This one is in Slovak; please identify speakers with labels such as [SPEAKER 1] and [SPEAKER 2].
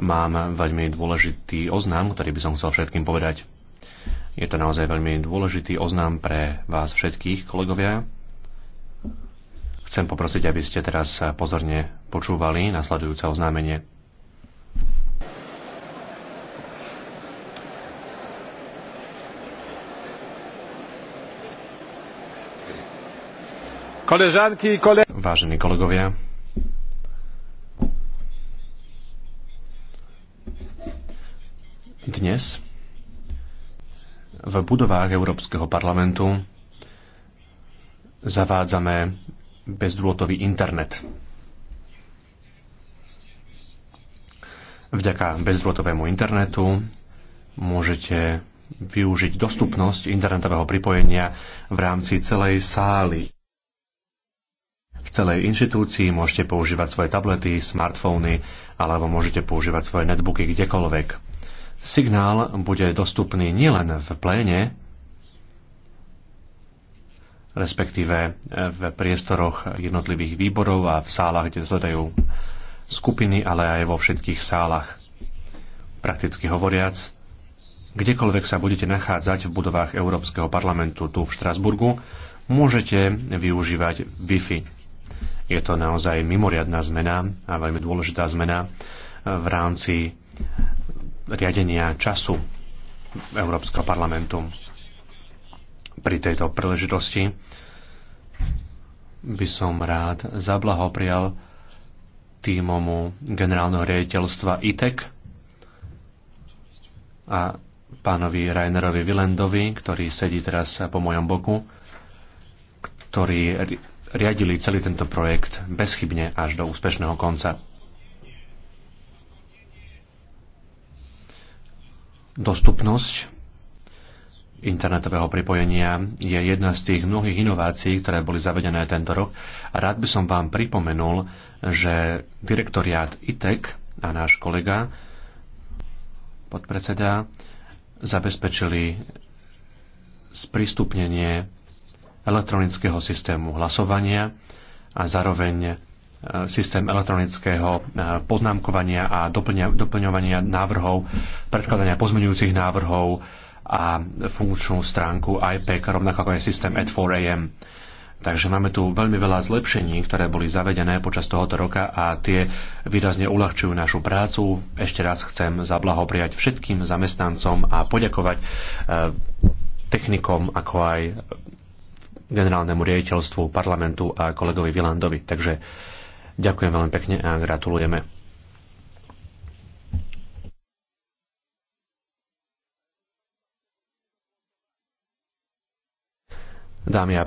[SPEAKER 1] mám veľmi dôležitý oznám, ktorý by som chcel všetkým povedať. Je to naozaj veľmi dôležitý oznám pre vás všetkých, kolegovia. Chcem poprosiť, aby ste teraz pozorne počúvali nasledujúce oznámenie. Koležanky, kole... Vážení kolegovia, Dnes v budovách Európskeho parlamentu zavádzame bezdôlotový internet. Vďaka bezdôlotovému internetu môžete využiť dostupnosť internetového pripojenia v rámci celej sály. V celej inštitúcii môžete používať svoje tablety, smartfóny alebo môžete používať svoje netbooky kdekoľvek. Signál bude dostupný nielen v pléne, respektíve v priestoroch jednotlivých výborov a v sálach, kde zadajú skupiny, ale aj vo všetkých sálach. Prakticky hovoriac, kdekoľvek sa budete nachádzať v budovách Európskeho parlamentu tu v Štrasburgu, môžete využívať Wi-Fi. Je to naozaj mimoriadná zmena a veľmi dôležitá zmena v rámci riadenia času Európskeho parlamentu. Pri tejto príležitosti by som rád zablahoprial týmomu generálneho riaditeľstva ITEC a pánovi Rainerovi Vilendovi, ktorý sedí teraz po mojom boku, ktorí riadili celý tento projekt bezchybne až do úspešného konca. Dostupnosť internetového pripojenia je jedna z tých mnohých inovácií, ktoré boli zavedené tento rok. A rád by som vám pripomenul, že direktoriát ITEC a náš kolega, podpredseda, zabezpečili sprístupnenie elektronického systému hlasovania a zároveň systém elektronického eh, poznámkovania a doplňovania návrhov, predkladania pozmeňujúcich návrhov a funkčnú stránku IPEC, rovnako ako je systém at 4am. Takže máme tu veľmi veľa zlepšení, ktoré boli zavedené počas tohoto roka a tie výrazne uľahčujú našu prácu. Ešte raz chcem zablahopriať všetkým zamestnancom a poďakovať eh, technikom, ako aj generálnemu riaditeľstvu parlamentu a kolegovi Vilandovi. Takže Ďakujem veľmi pekne a gratulujeme. Dámy a